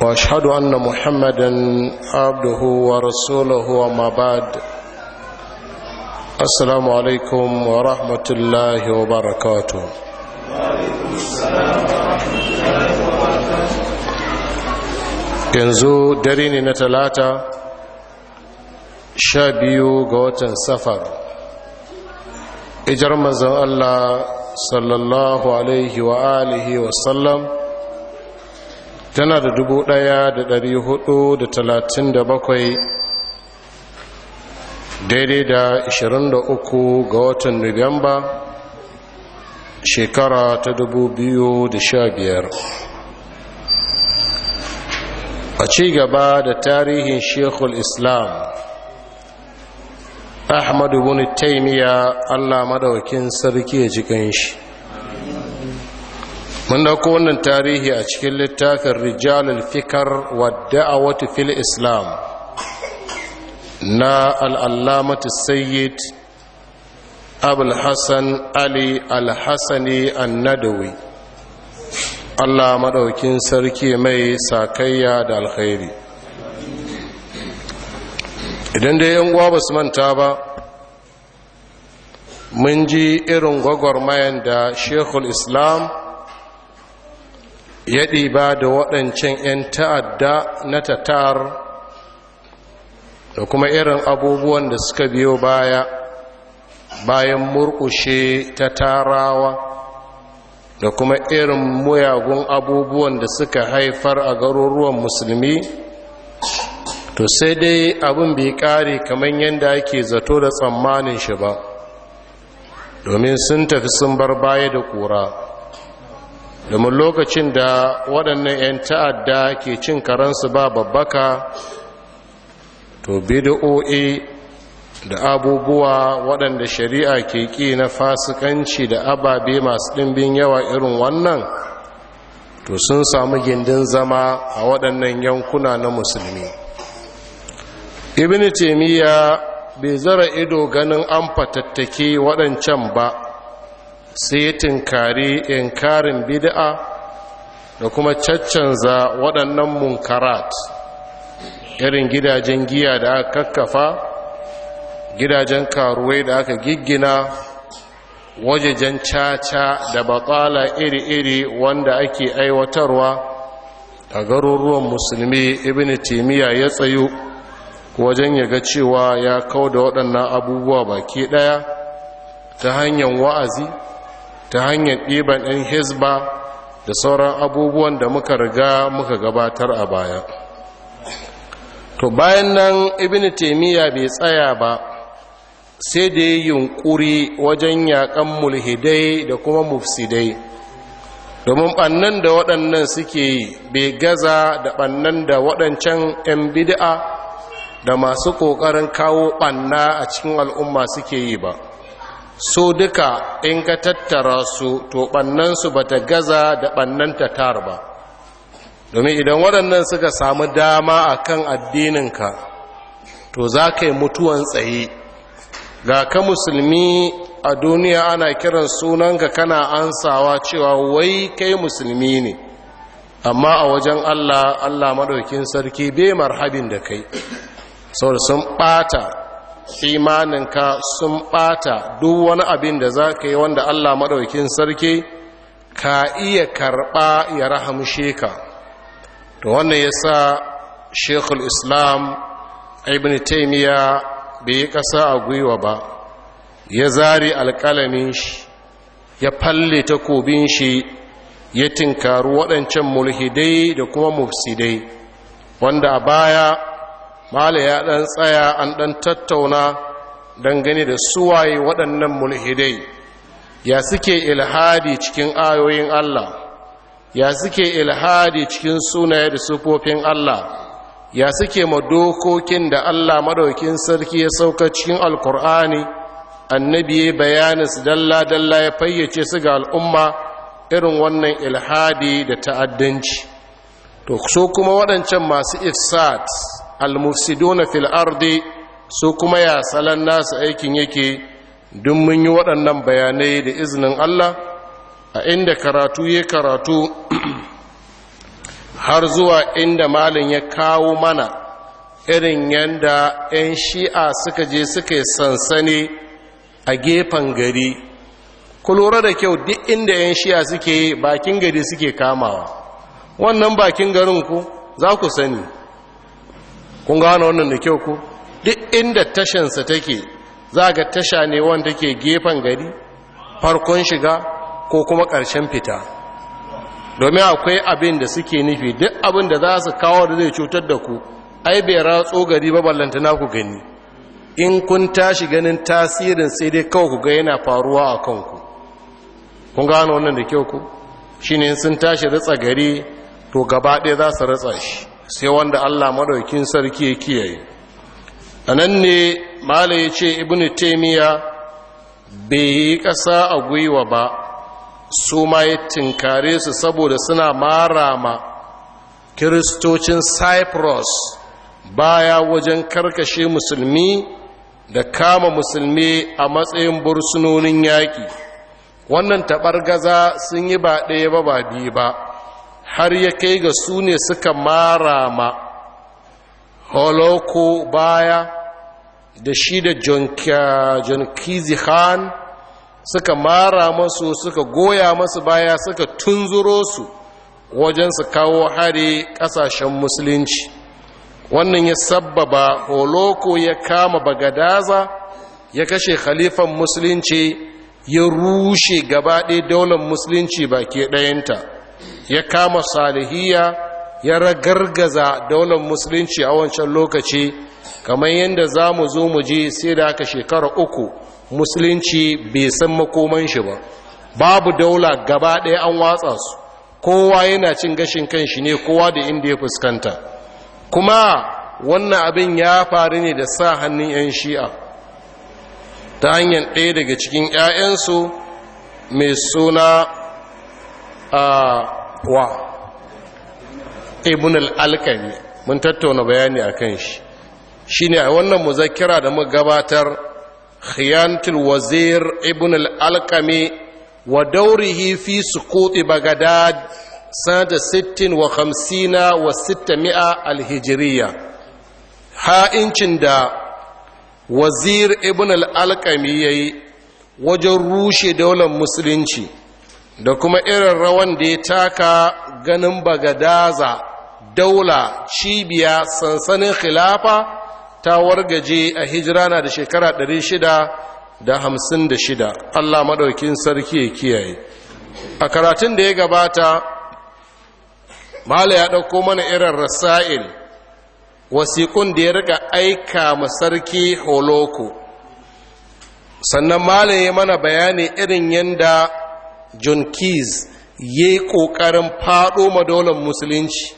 واشهد ان محمدا عبده ورسوله وما بعد السلام عليكم ورحمه الله وبركاته yanzu dare ne na talata sha biyu ga watan safar ijar manzan allah sallallahu alaihi wa alihi wasallam tana da dubu ɗaya da ɗari hudu da talatin da bakwai daidai da da uku ga watan nuwamba shekara ta dubu biyu da sha biyar. a ci gaba da tarihin shekul islam ahmadu wani taimiya allah madawakin sarki ya jikin shi mun dauko wannan tarihi a cikin littafin rijalul fikar wa da'awatu fil islam na al'allamatu sayyid abul hassan ali al annadawi allah maɗaukin sarki mai sakayya da alkhairi idan dai yan uwa ba su manta ba mun ji irin gwagwarmayan da shekul islam ya ɗiba da waɗancan 'yan ta'adda na tatar da kuma irin abubuwan da suka biyo baya bayan murkushe ta tarawa da kuma irin muyagun abubuwan da suka haifar a garuruwan musulmi to sai dai abin bai kare kamar yadda ake zato da tsammanin shi ba domin sun tafi sun bar baya da kura domin lokacin da waɗannan 'yan ta'adda ke cin karansu ba babbaka to bid'o'i da abubuwa waɗanda shari'a ke ƙi na fasikanci da ababe masu ɗimbin yawa irin wannan to sun samu gindin zama a waɗannan yankuna na musulmi ibini taimiyya bai zara ido ganin an fatattake waɗancan ba sai ya tinkari inkarin bid'a da kuma caccanza waɗannan munkarat irin gidajen giya da aka kakkafa gidajen karuwai da aka giggina wajejen caca da batsala iri-iri wanda ake aiwatarwa a garuruwan musulmi ibn timiya ya tsayu wajen ya ga cewa ya kau da waɗannan abubuwa baki ɗaya ta hanyar wa'azi ta hanyar ɗiban ɗin Hisba da sauran abubuwan da muka riga muka gabatar a baya to bayan nan ibn taimiyya bai tsaya ba sai da ya yunƙuri wajen yaƙan mulhidai da kuma mufsidai domin ɓannan da waɗannan suke yi bai gaza da ɓannan da waɗancan 'yan bid'a da masu ƙoƙarin kawo ɓanna a cikin al'umma suke yi ba su duka in ka tattara su to ɓannansu ba ta gaza da ɓannan tar ba domin idan waɗannan suka samu dama a kan addininka to za ka yi mutuwan tsaye ga ka musulmi a duniya ana kiran sunanka kana ansawa cewa wai kai musulmi ne amma a wajen allah allah maɗaukin sarki bai marhabin da kai sau sun ɓata imaninka sun ɓata duk wani abin da za ka yi wanda Allah maɗaukin sarki ka iya karɓa ya rahamshe ka to wannan ya sa shekul islam ibn taimiyya bai yi ƙasa a gwiwa ba ya zari alƙalamin shi ya falle takobin shi ya tinkaru waɗancan mulhidai da kuma mufsidai wanda a baya mala ya ɗan tsaya an ɗan tattauna dangane da suwaye waɗannan mulhidai ya suke ilhadi cikin ayoyin Allah ya suke ilhadi cikin sunaye da sufofin Allah ya suke ma dokokin da Allah madaukin sarki ya sauka cikin alkur'ani annabi ya bayanin su dalla-dalla ya fayyace su ga al'umma irin wannan ilhadi da ta'addanci to so kuma waɗancan masu ifsat almufsiduna fil ardi su kuma ya salan nasu aikin yake duk mun yi waɗannan bayanai da izinin Allah a inda karatu ya karatu har zuwa inda malin ya kawo mana irin yadda 'yan shi'a suka je suka yi sansani a gefen gari ku da kyau duk inda 'yan shi'a suke bakin gari suke kamawa wannan bakin garin ku za ku sani kun gano wannan da kyau ku duk inda tashansa take za ga tasha ne wanda ke gefen gari farkon shiga ko kuma ƙarshen fita domin akwai abin da suke nufi duk abin da za su kawo da zai cutar da ku ai bai ratso gari ba ballanta na ku gani in kun tashi ganin tasirin sai dai kawai ku ga yana faruwa a kanku kun gano wannan da kyau ku ne sun tashi ritsa gari to gaba ɗaya za su ritsa shi sai wanda Allah madaukin sarki ya kiyaye anan ne malai ya ce ibnu taymiya bai yi ƙasa a gwiwa ba su ma ya tinkare su saboda suna marama kiristocin cyprus baya wajen karkashe musulmi da kama musulmi a matsayin bursunonin yaƙi wannan taɓargaza sun yi ba ɗaya ba ba biyu ba har ya kai ga su ne suka mara ma holoko baya da shi da john kizi khan suka mara masu suka goya masu baya suka tunzuro su wajen su kawo hari kasashen musulunci wannan ya sabbaba holoko ya kama bagadaza ya kashe khalifan musulunci ya rushe gabaɗe daular musulunci baki ɗayanta ya kama salihiyya ya ragargaza daular musulunci a wancan lokaci kamar yadda za mu zo mu je sai da aka shekara uku musulunci bai san makoman shi ba babu daula gaba ɗaya an watsa su kowa yana cin gashin kan shi ne kowa da inda ya fuskanta kuma wannan abin ya faru ne da sa hannun 'yan shi'a ta hanyar ɗaya daga cikin 'ya'yansu mai suna wa ibn al alkami mun tattauna bayani akan shi shine a wannan muzakkira da muka gabatar khiyantul wazir ibn al alkami wa dawrihi fi suqut bagdad sanata 56 wa 600 al-hijriya ha'incin da wazir ibn al alkami yayi wajen rushe daular musulunci da kuma irin rawan da ya taka ganin bagadaza daula cibiya sansanin khilafa ta wargaje a hijira na da shekara 656 Allah maɗaukin sarki ya kiyaye a karatun da ya gabata mala ya ɗauko mana irin rasa'il wasiƙun da ya riga aika ma sarki holoko sannan mala ya mana bayani irin yanda. john keys ya yi ƙoƙarin faɗo daulan musulunci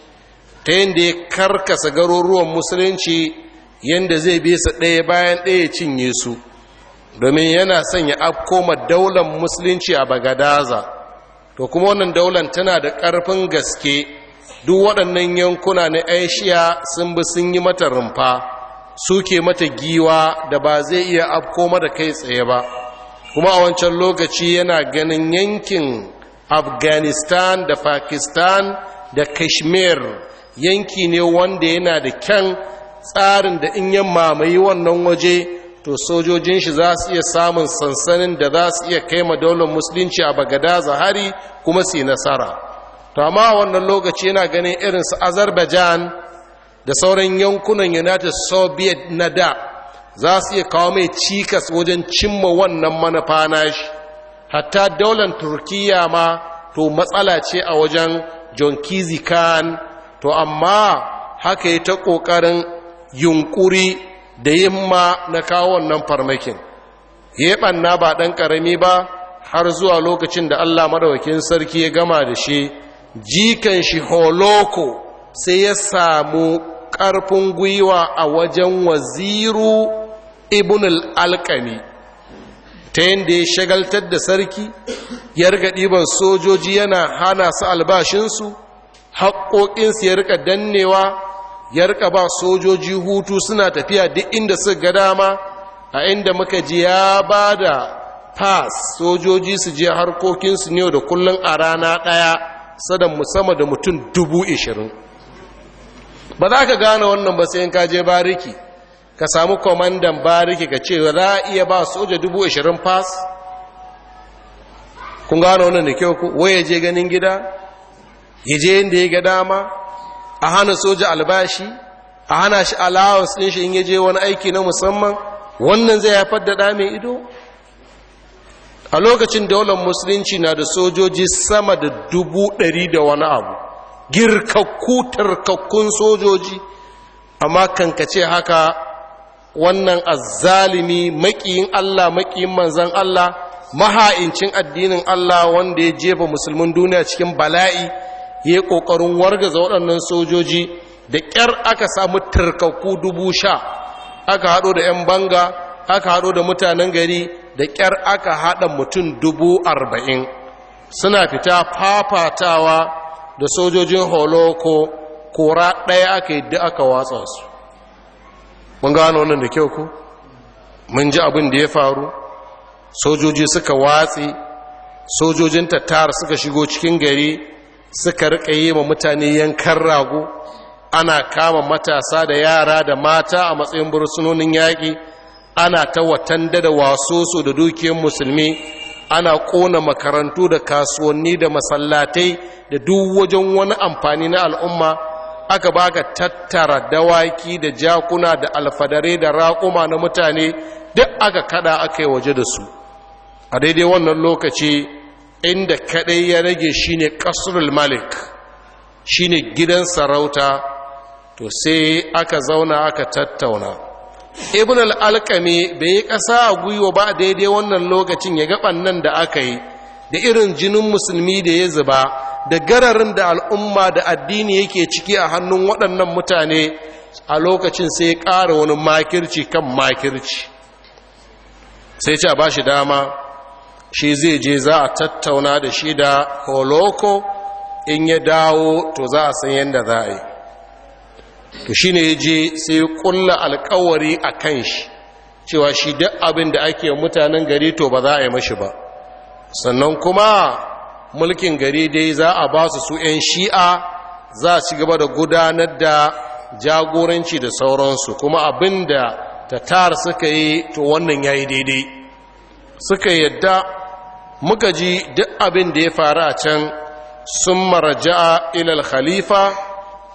ta yadda ya karkasa garuruwan musulunci yadda zai bi su ɗaya bayan ɗaya cinye su domin yana son ya afko daular musulunci a bagadaza to kuma wannan daular tana da ƙarfin gaske duk waɗannan yankuna na aishiya sun bi sun yi mata rumfa suke mata giwa da ba zai iya afko mata kai tsaye ba kuma a wancan lokaci yana ganin yankin afghanistan da pakistan da kashmir yanki ne wanda yana da kyan tsarin da in ya mamaye wannan waje to sojojin shi za su iya samun sansanin da za su iya kai ma musulunci a bagada zahari kuma su yi nasara to amma wannan lokaci yana ganin irin su azerbaijan da sauran yankunan united soviet na da za su iya kawo mai cikas wajen cimma wannan manufa shi. hatta daular turkiya ma to matsala ce a wajen john kizi khan to amma haka yi ta ƙoƙarin yunkuri da yimma na kawo wannan farmakin ya ɓanna ba ɗan ƙarami ba har zuwa lokacin da allah madawakin sarki ya gama da shi jikan shi holoko sai ya samu ƙarfin gwiwa a wajen waziru ibn al ta yadda ya shagaltar da sarki ya riga ɗiban sojoji yana hana su albashinsu haƙoƙinsu ya riƙa dannewa ya riƙa ba sojoji hutu suna tafiya duk inda suka ga dama a inda muka ji ya ba da pass sojoji su je harkokinsu ne da kullum a rana ɗaya sadan musamman da mutum dubu ishirin ba za ka gane wannan ba sai in ka je bariki ka samu kwamandan bariki ka ce za a iya ba soja dubu ashirin fas kun gano wannan da kyau ku wai ya je ganin gida ya je yadda ya ga dama a hana soja albashi a hana shi allowance ɗin shi in ya je wani aiki na musamman wannan zai haifar da mai ido a lokacin daular musulunci na da sojoji sama da dubu ɗari da wani abu girkakku tarkakkun sojoji amma kankace haka wannan azzalimi makiyin Allah makiyin manzan Allah maha'incin addinin Allah wanda ya jefa musulmin duniya cikin bala'i ya yi ƙoƙarin wargaza waɗannan sojoji da ƙyar aka samu turkaku dubu sha aka haɗo da 'yan banga aka haɗo da mutanen gari da ƙyar aka haɗa mutum dubu arba'in suna fita fafatawa da sojojin holoko kora ɗaya aka yi da aka watsa su mun gano wannan da kyau ko mun ji abin da ya faru sojoji suka watsi sojojin tattar suka shigo cikin gari suka rika yi ma mutane yankan rago ana kama matasa da yara da mata a matsayin bursunonin yaƙi ana ta watanda da wasoso da dukiyar musulmi ana ƙona makarantu da kasuwanni da masallatai da duk wajen wani amfani na al'umma aka baka tattara dawaki da jakuna da alfadare da raƙuma na mutane duk aka kada aka yi waje da su a daidai wannan lokaci inda kadai ya rage shine kasrul malik shine gidan sarauta to sai aka zauna aka tattauna ibn al-alqami bai yi ƙasa a gwiwa ba daidai wannan lokacin ya gaban nan da aka yi da irin jinin musulmi da ya zuba da gararin da al'umma da addini yake ciki a hannun waɗannan mutane a lokacin sai ya ƙara wani makirci kan makirci sai ce ba shi dama shi zai je za a tattauna da shi da holoko in ya dawo to za a san yadda za a yi to shi ne ya je sai ya ƙulla alkawari a kan shi cewa shi duk abin da ake mutanen gari to ba za a yi mashi ba sannan kuma mulkin gari dai za a ba su su 'yan shi'a za a ci gaba da gudanar da jagoranci da sauransu kuma abin da tatar suka yi to wannan ya yi daidai suka yadda muka ji duk abin da ya faru a can sun maraja'a ilal khalifa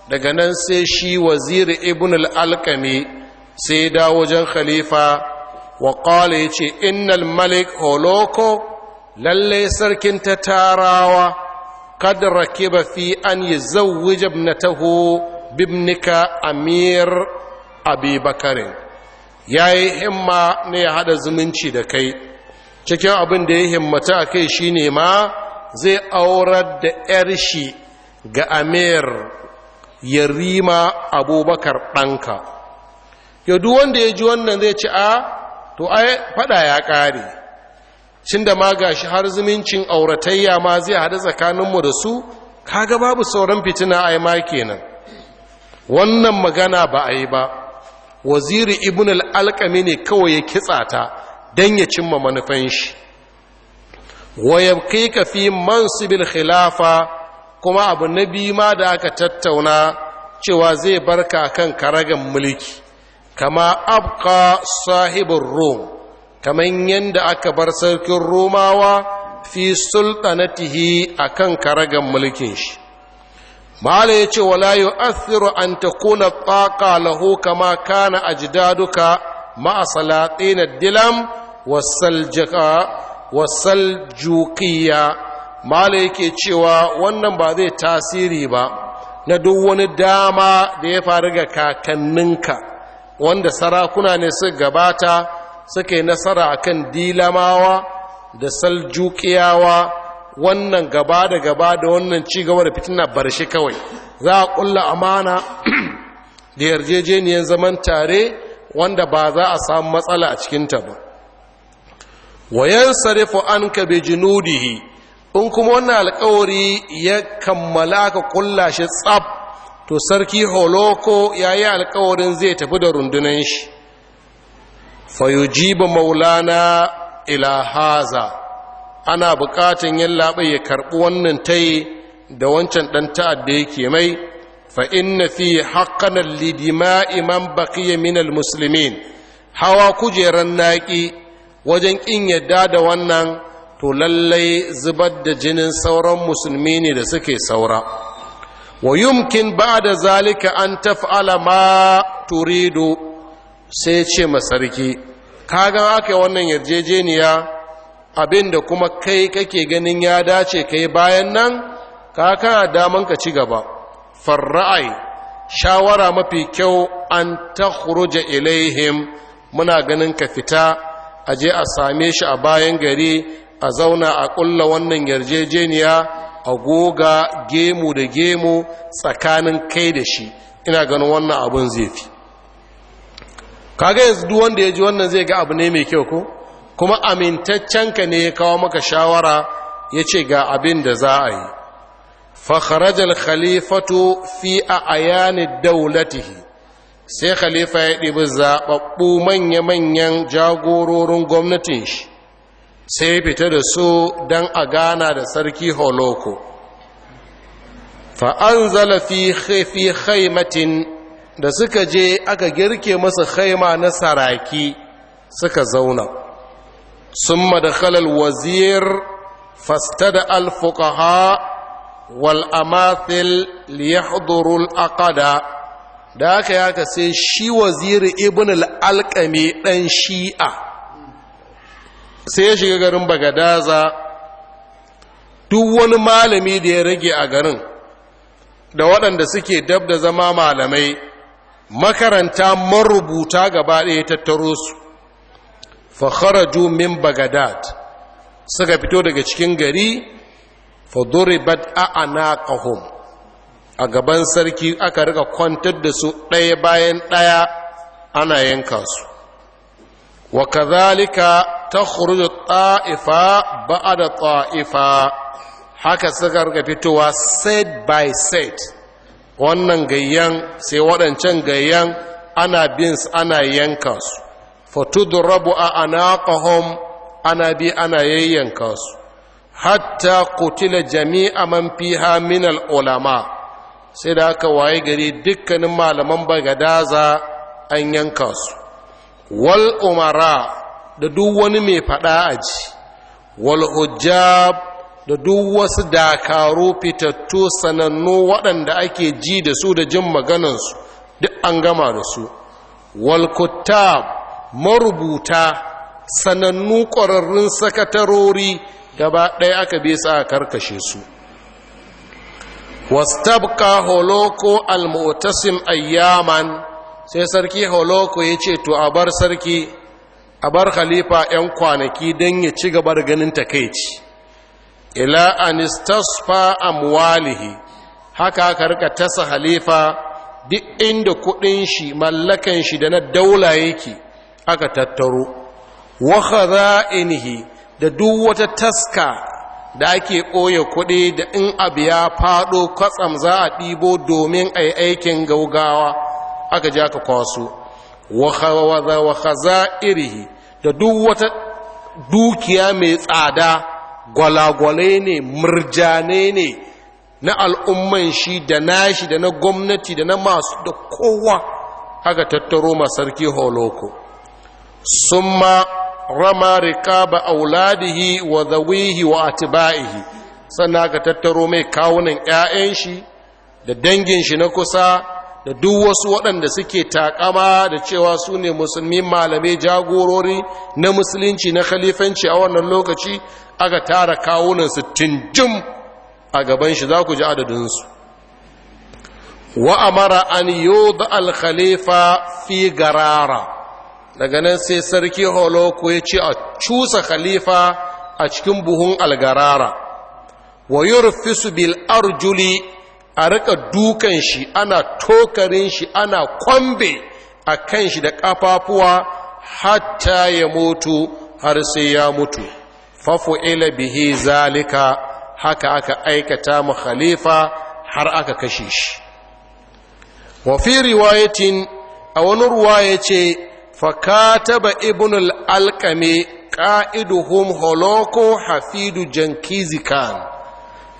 daga nan sai shi waziri ibn al'alƙami sai dawo wajen khalifa wa ƙala ya ce innal malik holoko lalle sarkin ta tarawa rake ba fi an na taho bibnika amir abibakarin ya yi himma na ya hada zumunci da kai cikin abin da ya himmata a kai shi ne ma zai aurar da yar shi ga amir yarima abubakar ɗanka yadu wanda ya ji wannan zai ci a ah, to ai fada ya ƙare cin da ma shi har zumuncin auratayya ma zai haɗu tsakaninmu da su kaga babu sauran fitina a ma kenan wannan magana ba a yi ba waziri ibn al'alƙami ne kawai ya kitsa ta don ya cimma manufan shi kai ka fi sibil khilafa kuma abu na biyu ma da aka tattauna cewa zai barka kan karagan mulki kama abka sahibin rome kamar yadda aka bar sarkin romawa fi sultanatihi a kan karagan mulkin shi mala ya ce wala yi athiru an ta kuna tsaka lahu kama kana ajidaduka ma'a na dilam wasal jukiya mala yake cewa wannan ba zai tasiri ba na duk wani dama da ya faru ga kakanninka wanda sarakuna ne su gabata suka yi nasara akan dilamawa da saljukiyawa wannan gaba da gaba da wannan cigaba da fitina barshe kawai za a kulla amana da yarjejeniyar zaman tare wanda ba za a samu matsala a cikinta ba wayan sarifu an ka ji nudihi in kuma wannan alkawari ya kammala ka kulla shi tsab to sarki holoko ya yi alkawarin zai tafi da rundunan shi fayujiba maulana ila haza ana buƙatan yin labai ya karbi wannan tai da wancan dan ta'adda yake mai fa inna fi haqqan lidima'i man baqiya min almuslimin hawa kujeran naki wajen kin yadda da wannan to lallai zubar da jinin sauran musulmi ne da suke saura wa yumkin ba'da zalika an taf'ala ma turidu sai ce masarki kagan aka wannan yarjejeniya abinda kuma kai kake ganin ya dace kai bayan nan ka kana daman ka ci gaba farra'ai shawara mafi kyau an ta ilaihim muna ganin ka fita a je a same shi a bayan gari a zauna a ƙulla wannan yarjejeniya a goga gemu da gemu tsakanin kai da shi ina ganin wannan abin zai fi kaga yanzu duk wanda ya ji wannan zai ga abu ne mai kyau ko kuma amintaccenka ne ya kawo maka shawara ya ce ga abin da za a yi fakharajal khalifatu fi a ayani daulatihi sai khalifa ya ɗibi zaɓaɓɓu manya-manyan jagororin gwamnatin shi sai fita da su don a gana da sarki holoko fa'an zalafi fi haimatin da suka je aka girke masa khaima na saraki suka zauna sun madakhalar wazir fastada alfukaha wal amathil liyahdurul aqada da aka yaka sai shi waziri ibn al-alqami ɗan shi'a sai ya shiga garin bagadaza duk wani malami da ya rage a garin da waɗanda suke dab da zama malamai makaranta marubuta gaba ɗaya tattaro su fakharaju min bagadad suka fito daga cikin gari faduribat a'naqahum a gaban sarki aka rika kwantar da su ɗaya bayan ɗaya ana yanka su wa kadhalika takhruju ta'ifa da ta'ifa haka suka rika fitowa set by set wannan gayyan sai waɗancan gayyan ana bin ana yanka su fatudrabu a anaqahum ana bi ana yayyanka su hatta kutila jami'a man fiha min ulama sai da aka waye gari dukkanin malaman bagadaza an yanka su wal umara da duk wani mai fada aji wal hujjab da duk wasu dakaru fitattu sanannu waɗanda ake ji da su da jin maganansu duk an gama da su walkuta marubuta sanannu ƙwararrun sakatarori gaba ɗaya aka bisa sa a karkashe su wastabka holoko almutasim ayyaman sai sarki holoko ya ce to a bar sarki a bar khalifa 'yan kwanaki don ya ci gaba da ganin takaici ila anistasfa amwalihi haka aka rika tasa halifa duk inda kudin shi mallakan shi da na daula yake aka tattaro wa khaza'inihi da duk wata taska da ake ɓoye kuɗi da in abu ya faɗo kwatsam za a ɗibo domin a yi aikin gaugawa aka ji aka kwaso wa khaza'irihi da duk wata dukiya mai tsada gwalagwale ne murjane ne na al'umman shi da nashi da na gwamnati da na masu da kowa aka tattaro masarki holoko sun ma rama rika rikaba auladihi wa zawihi wa atiba'ihi sannan haka tattaro mai kawunan 'ya'yan shi da dangin shi na kusa da duk wasu waɗanda suke takama da cewa su ne musulmi malamai jagorori na musulunci na khalifanci a wannan lokaci aka tara kawunan kawunansu tinjim a gaban shi za ku ji adadinsu wa amara an yi da alKhalifa fi garara daga nan sai sarki holoko ya ce a cusa khalifa a cikin buhun algarara wa yurfisu bil arjuli a rika dukan shi ana tokarin shi ana kwambe a kan shi da kafafuwa hatta ya mutu har sai ya mutu ila bihi zalika haka aka aikata mu khalifa har aka kashe shi wa fi riwayatin a wani ruwaya ce fakataba ibn al-alqami qa'iduhum holoko hafidu jankizikan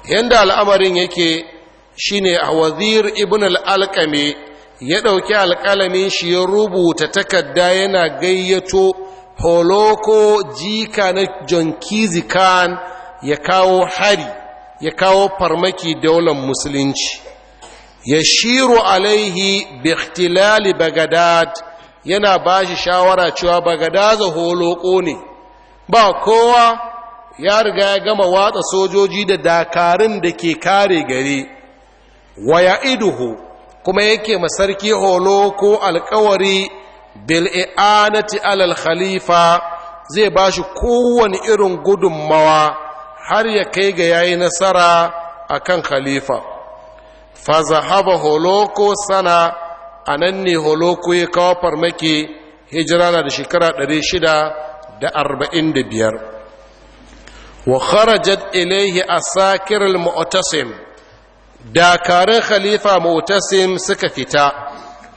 yanda al'amarin yake Shi ne a wazir ibn al'alƙame ya ɗauki alƙalamin shi ya rubuta takarda yana gayyato holoko jika na john Khan ya kawo hari ya kawo farmaki daular musulunci ya shiro alaihi bihtilali bagadad yana ba shi shawara cewa bagadaza holoko ne ba kowa ya riga ya gama watsa sojoji da dakarun da ke kare gare wa iduhu kuma yake masarki holo ko alkawari bil i'anati alal khalifa zai ba shi kowane irin gudunmawa har ya kai ga yayi nasara a kan khalifa fa zahaba holoko sana anan ne holoko ya kawo farmaki hijira na da shekara 645 wa kharajat ilayhi asakir al-mu'tasim dakarun khalifa mutasim suka fita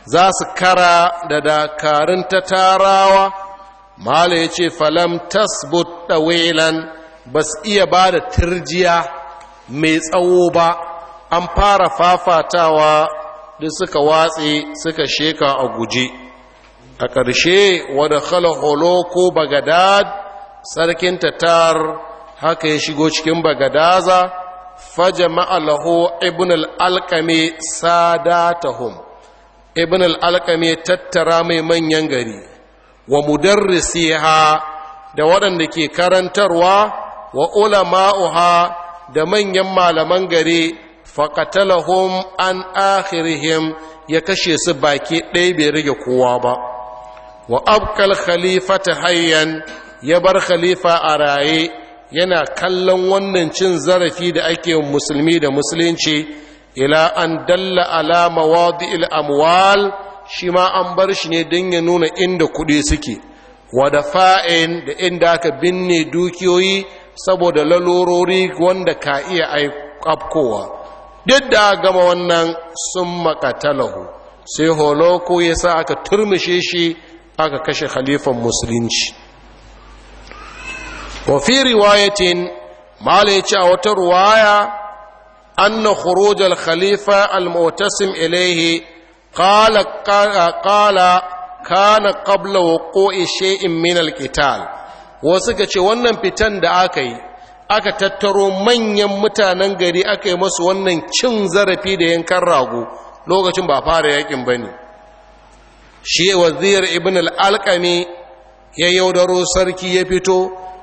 za su kara da dakarun ta tarawa mala ya ce falam tasbut ɗawelan ba iya ba da turjiya mai tsawo ba an fara fafatawa da suka watse suka sheka a guje a ƙarshe wadda khalaholo ko bagadad sarkin tatar haka ya shigo cikin bagadaza fajama'a lahu ibn al-alqami sadatahum ibn al-alqami tattara mai manyan gari wa mudarrisiha da waɗanda ke karantarwa wa ulama'uha da manyan malaman gari faqatalahum an akhirihim ya kashe su baki ɗaya bai rage kowa ba wa abkal khalifata hayyan ya bar khalifa a raye yana kallon wannan cin zarafi da ake musulmi da musulunci ila an dalla ala mawadi'il amwal shi ma an bar shi ne don ya nuna inda kuɗi suke wada fa'in da inda aka binne dukiyoyi saboda lalorori wanda ka iya afkowa duk da gama wannan sun makatalahu sai holoko ya sa aka turmushe shi aka kashe khalifan musulunci wa fi riwayatin mala ya ce a wata ruwaya anna khuruj al-khalifa al-mu'tasim ilayhi qala qala kana qabla wuqu'i shay'in min al-qital wasu ka ce wannan fitan da aka yi aka tattaro manyan mutanen gari aka yi masu wannan cin zarafi da yankan rago lokacin ba fara yakin ba ne shi wazir ibn al'alƙami ya yaudaro sarki ya fito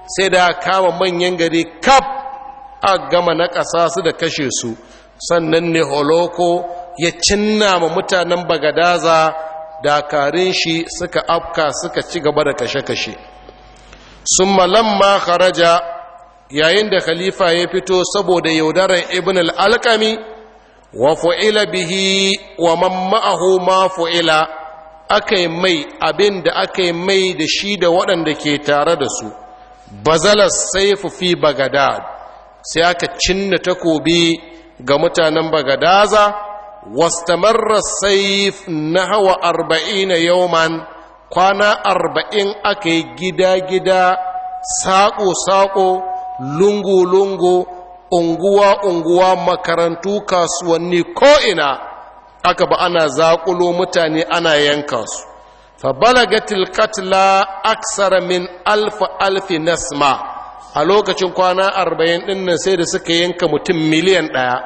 sai da kama manyan gari kaf a gama na ƙasa su da kashe su sannan ne holoko ya cinna ma mutanen bagadaza dakarun shi suka afka suka ci gaba da kashe-kashe sun kharaja yayin da khalifa ya fito saboda yaudarar ibn al'alƙami wa fu'ila bihi wa man ma'ahu ma fu'ila aka mai abin da aka mai da shi da waɗanda ke tare da su bazalar saifu fi bagadad sai aka cinna takobi ga mutanen bagadaza wastamarra saif na hawa arba'in yauman kwana arba'in aka yi gida-gida saƙo-saƙo lungu-lungu unguwa-unguwa makarantu kasuwanni ko'ina aka ba ana zaƙulo mutane ana yanka su fa balagatil qatla aksara min alfa alfinasma a lokacin kwana arba'in ɗinnan nan sai da suka yanka mutum miliyan ɗaya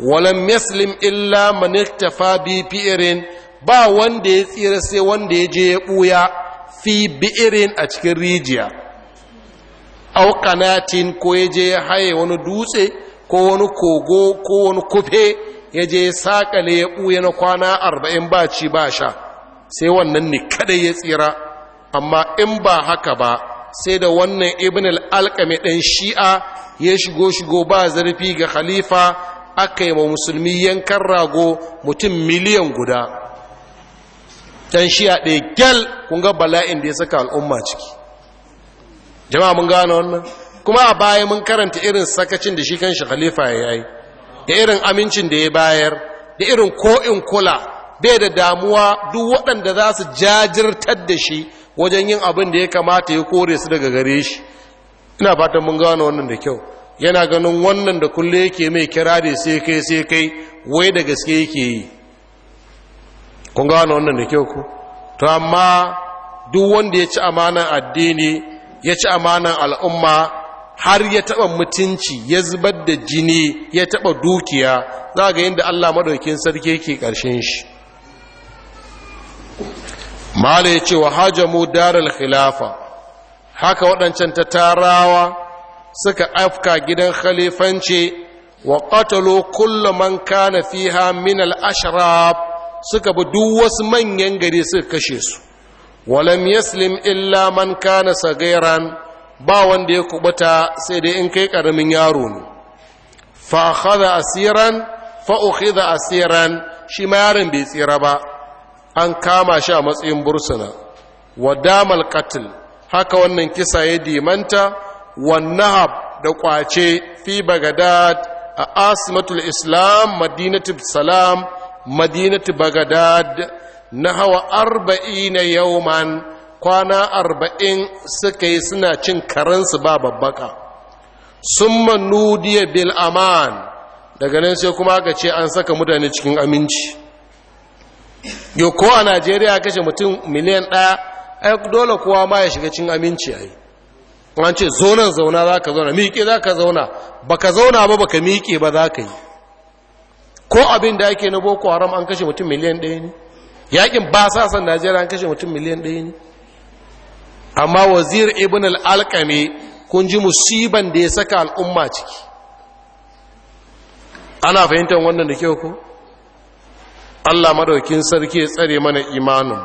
walam yaslim illa man iktafa bi fi'rin ba wanda ya tsira sai wanda ya je ya ɓuya fi bi'irin a cikin rijiya au ko ya je ya haye wani dutse ko wani kogo ko wani kufe ya je ya sakale ya ɓuya na kwana arba'in ba ci ba sha sai wannan ne kada ya tsira amma in ba haka ba sai da wannan ibn al-alqami dan shi'a ya shigo shigo ba zarfi ga khalifa aka yi wa musulmi yankan rago mutum miliyan guda Ɗan shi'a ɗaya gyal kun ga bala'in da ya saka al'umma ciki jama'a mun gane wannan kuma a baya mun karanta irin sakacin da shi kan shi khalifa ya yi da irin amincin da ya bayar da irin ko'in kula bai da damuwa duk waɗanda za su jajirtar da shi wajen yin abin da ya kamata ya kore su daga gare shi ina fatan mun gano wannan da kyau yana ganin wannan da kulle yake mai kira da sai kai sai kai wai da gaske yake yi kun gano wannan da kyau ku to amma duk wanda ya ci amanan addini ya ci amanan al'umma har ya taba mutunci ya zubar da jini ya taɓa dukiya za ga yadda Allah madaukin sarki yake ƙarshen shi mala ya ce wa hajamu daral khilafa haka waɗancan ta tarawa suka afka gidan khalifanci wa qatalu kulla man kana fiha min al ashraf suka bi duk wasu manyan gari suka kashe su walam yaslim illa man kana sagairan ba wanda ya kubuta sai dai in kai karamin yaro ne fa asiran fa asiran shi ma yaron bai tsira ba an kama shi a matsayin bursuna wa damal qatl haka wannan kisa ya dimanta wannahab nahab da kwace fi bagadad a asmatul islam madinatu salam madinatu bagadad nahawa arba'ina yawman kwana arba'in suka yi suna cin karansu ba babbaka summa nudiya bil aman daga nan sai kuma aka ce an saka mutane cikin aminci yau ko a najeriya kashe mutum miliyan ɗaya dole kowa ma ya shiga cin aminci a yi an ce zonan zauna za ka zauna miƙe za ka zauna ba ka zauna ba ba ka miƙe ba za ka yi ko abin da ake na boko haram an kashe mutum miliyan ɗaya ne yakin ba sa san najeriya an kashe mutum miliyan ɗaya ne amma wazir ibn al'alƙame kun ji musiban da ya saka al'umma ciki ana fahimtar wannan da kyau ko Allah maɗaukin sarki ya tsare mana imanin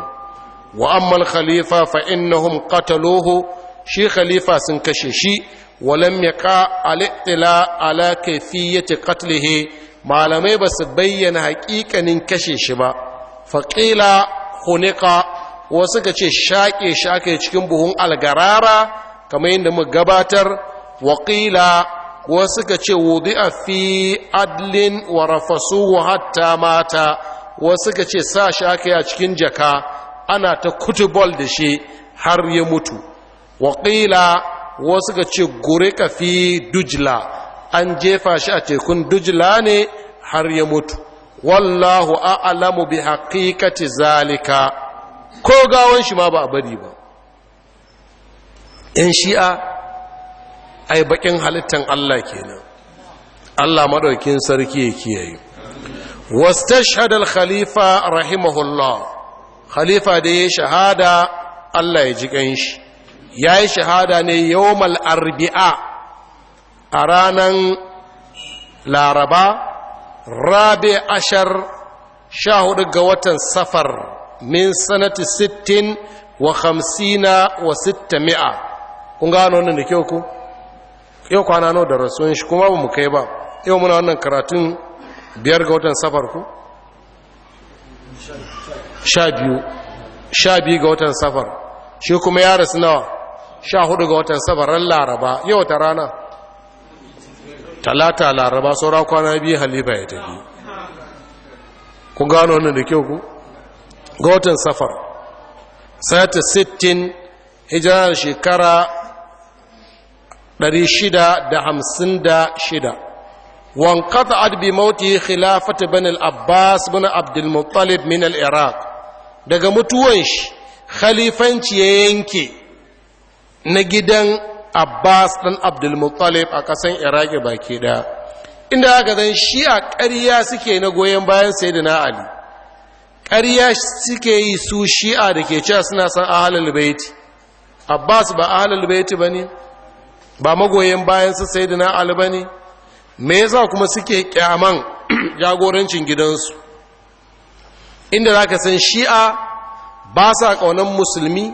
wa ammal khalifa fa innahum qataluhu shi khalifa sun kashe shi walam yaqa al-ittila ala kayfiyati qatlihi malamai ba su bayyana hakikanin kashe shi ba faqila hunika wasu ka ce shaƙe shake cikin buhun algarara kamar yadda mu gabatar waƙila wasu ka ce wudi'a fi adlin wa rafasuhu hatta mata wasu ka ce sa shi aka yi a cikin jaka ana ta kutubol da shi har ya mutu waƙila wasu ka ce gure ka fi dujla an jefa shi a tekun dujla ne har ya mutu wallahu a'lamu bi haqiqati zalika ko gawan shi ma ba a bari ba yan shi'a ai bakin halittar Allah kenan Allah madaukin sarki ya kiyaye wastashhad al-khalifa rahimahullah khalifa da ya shahada Allah ya ji ya yi shahada ne yawmal arbi'a a ranan laraba Rabe, ashar sha hudu ga watan safar min sanati sittin wa hamsina wa sitta mi'a kun gano wannan da kyau ku yau kwana nau da rasuwan shi kuma ba mu kai ba yau muna wannan karatun biyar ga watan safar ku? sha biyu sha biyu ga watan safar shi kuma ya rasu nawa sha hudu ga watan safar ran laraba yau ta rana talata laraba saura kwana biyu halifa ya tafi ku gano wannan da kyau ku? ga watan safar sata 60 hijirar shekara 656 وانقطعت بموته خلافة بن العباس بن عبد المطلب من العراق daga mutuwan shi khalifanci ya yanke na gidan Abbas ɗan Abdulmuttalib a ƙasan Iraki baki da. inda aka zan shi a ƙarya suke na goyon bayan Sayyidina Ali ƙarya suke yi su shi'a da ke cewa suna san ahalul baiti Abbas ba ahalul baiti bane ba magoyan bayan su Sayyidina Ali ne? me yasa kuma suke kyaman jagorancin gidansu inda za ka san shi'a ba sa ƙaunar musulmi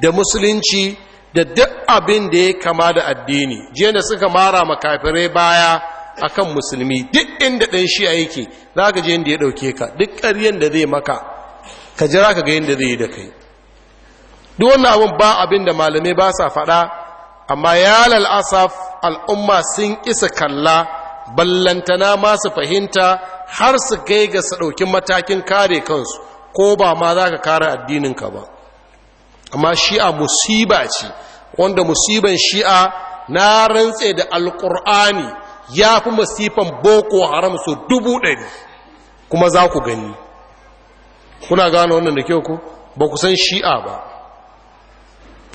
da musulunci da duk abin da ya kama da addini jiya da suka mara makafirai baya akan musulmi duk inda ɗan shi'a yake za ka je inda ya ɗauke ka duk ƙaryen da zai maka ka jira ka ga yadda zai yi da kai duk wannan abin ba abin da malamai ba sa faɗa amma ya lalasaf al'umma sun isa kalla ballantana masu fahimta har su gaigasa ga su matakin kare kansu ko ba ma za ka kare addininka ba amma shi'a musiba ce wanda musiban shi'a na rantse da alƙur'ani ya fi masifan boko haram su dubu ɗari kuma za ku gani kuna gano wannan da kyau ku ba ku san shi'a ba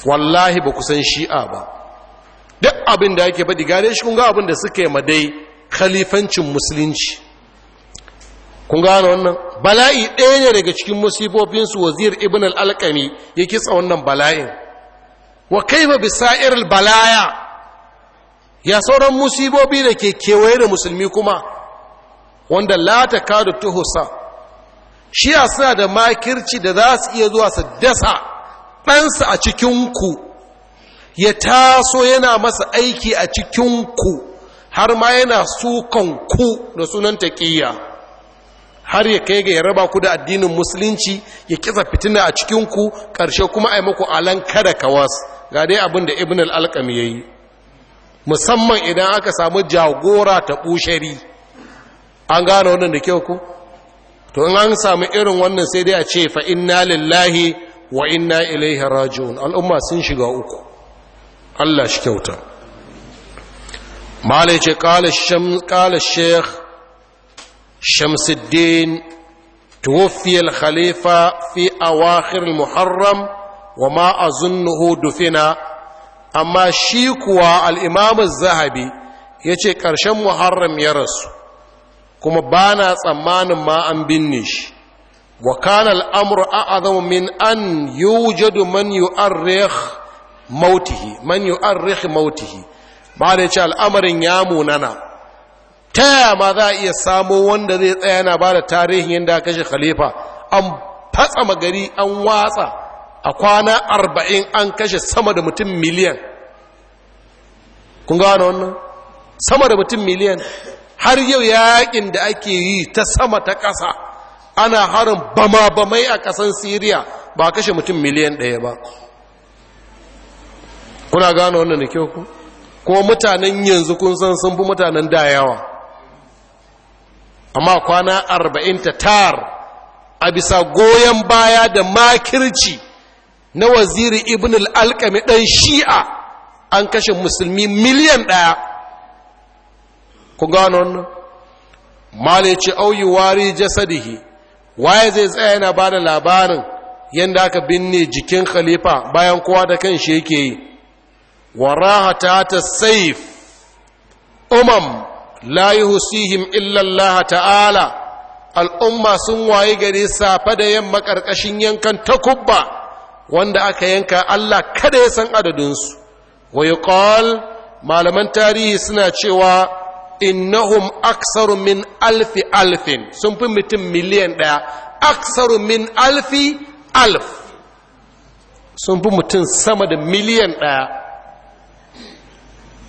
wallahi ba kusan shi'a ba duk abin da yake faɗi gare shi kunga abin da suka yi madai khalifancin musulunci Kunga gane wannan bala'i ɗaya ne daga cikin musibofinsu wazir ibn al-alƙami ya kitsa wannan bala'in wa kaifa bi balaya ya sauran musibobi da ke kewaye da musulmi kuma wanda la ta kadu tuhusa shi suna da makirci da za su iya zuwa su dasa ɗansa a cikinku ya taso yana masa aiki a cikinku, har ma yana sukan ku da sunan taƙiyya har ya kai ga ya raba ku da addinin musulunci ya kitsa fitina a cikinku ƙarshe kuma a yi muku alan kada kawas ga dai abin da ibn al ya yi. musamman idan aka samu jagora ta ɓushari, an gane wannan da kyau ku to in an samu irin wannan sai dai a ce fa inna lillahi wa inna ilaihi raji'un al'umma sun shiga uku Allah shi kyauta malai ce kala sheikh shamsuddin tuwafiyar khalifa fi awakhir muharram wa ma a dufina amma shi kuwa al'imamun zahabi ya ce ƙarshen muharram ya rasu kuma ba na tsammanin ma an binne shi wa Amru al'amur a min an yi man yi mautihi man yu'arrikh mautihi ba da ce al'amarin ya munana ta yaya ma za a iya samo wanda zai tsaya na ba da tarihin yadda kashe khalifa an fatsa magari an watsa a kwana arba'in an kashe sama da mutum miliyan kun gano wannan sama da mutum miliyan har yau yaƙin da ake yi ta sama ta ƙasa ana harin bama-bamai a ƙasan siriya ba kashe mutum miliyan ɗaya ba kuna gano wannan da kyau ku ko mutanen yanzu kun san sun fi mutanen da yawa amma kwana arba'in ta tar a bisa goyon baya da makirci na waziri ibn al-Alkami ɗan shi'a an kashe musulmi miliyan ɗaya ku gano wannan malice auyi wari jasadihi waye zai tsaya yana ba da labarin yadda aka binne jikin khalifa bayan kowa da kan shi yake yi warahata ta saif umam la yuhsihim illa Allah ta'ala al'umma sun waye gari safa da yamma karkashin yankan takubba wanda aka yanka Allah kada ya san adadunsu. wa yuqal malaman tarihi suna cewa innahum aksaru min alfi alfin sun fi mutum miliyan ɗaya aksaru min alfi alf sun fi mutum sama da miliyan ɗaya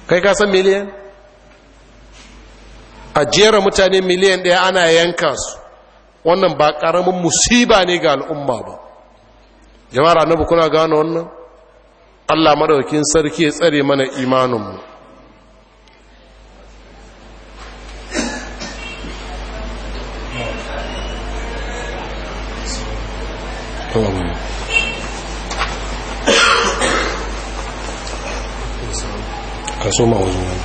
kai ka san miliyan a jera mutane miliyan ɗaya ana yanka su wannan ba ƙaramin musiba ne ga al'umma ba jama'ar annabu kuna gano wannan allah maɗaukin sarki ya tsare mana imaninmu ka soma wazo